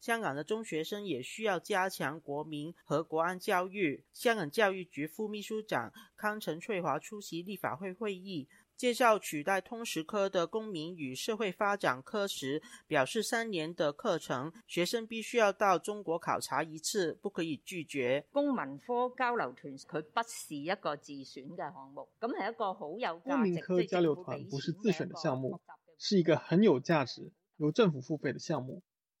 香港的中學生也需要加強國民和國安教育。香港教育局副秘書長康陳翠華出席立法會會議，介紹取代通識科的公民與社會發展科時，表示三年的課程，學生必須要到中國考察一次，不可以拒絕。公民科交流團，佢不是一個自選嘅項目，咁係一個好有價值。公民科交流公民科交流團不是自選的項目，是一個很有價值、由政府付費的項目。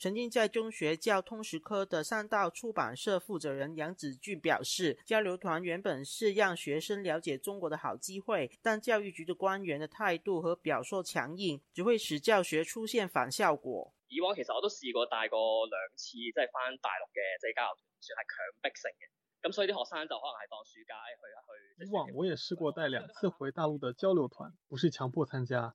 曾經在中學教通識科的三道出版社負責人楊子俊表示，交流團原本是讓學生了解中國的好機會，但教育局的官員的態度和表述強硬，只會使教學出現反效果。以往其實我都試過帶過兩次，即係返大陸嘅即係交流團，算係強逼性嘅。咁所以啲學生就可能係放暑假去一去。以往我也試過帶兩次回大陸嘅交流團、嗯，不是強迫參加。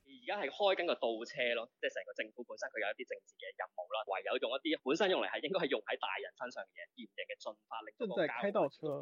而家係開緊個倒車咯，即係成個政府本身佢有一啲政治嘅任務啦，唯有用一啲本身用嚟係應該係用喺大人身上嘅嘢，嚴刑嘅峻法，令到個開倒車。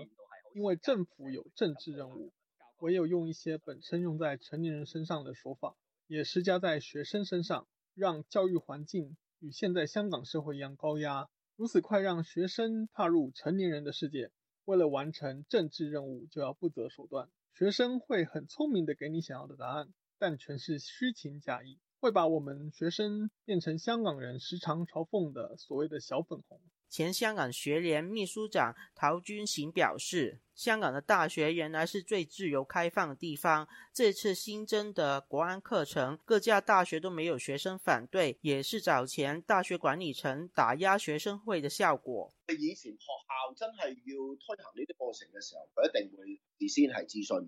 因為政府有政治任務，唯有用一些本身用在成年人身上的手法，也施加在學生身上，讓教育環境與現在香港社會一樣高壓。如此快讓學生踏入成年人的世界，為了完成政治任務就要不擇手段。學生會很聰明地給你想要的答案。但全是虛情假意，會把我們學生變成香港人時常嘲諷的所謂的小粉紅。前香港學聯秘書長陶君行表示，香港的大學原來是最自由開放的地方，這次新增的國安課程，各家大學都沒有學生反對，也是早前大學管理層打壓學生會的效果。以前學校真係要推行呢啲課程嘅時候，佢一定會事先係諮詢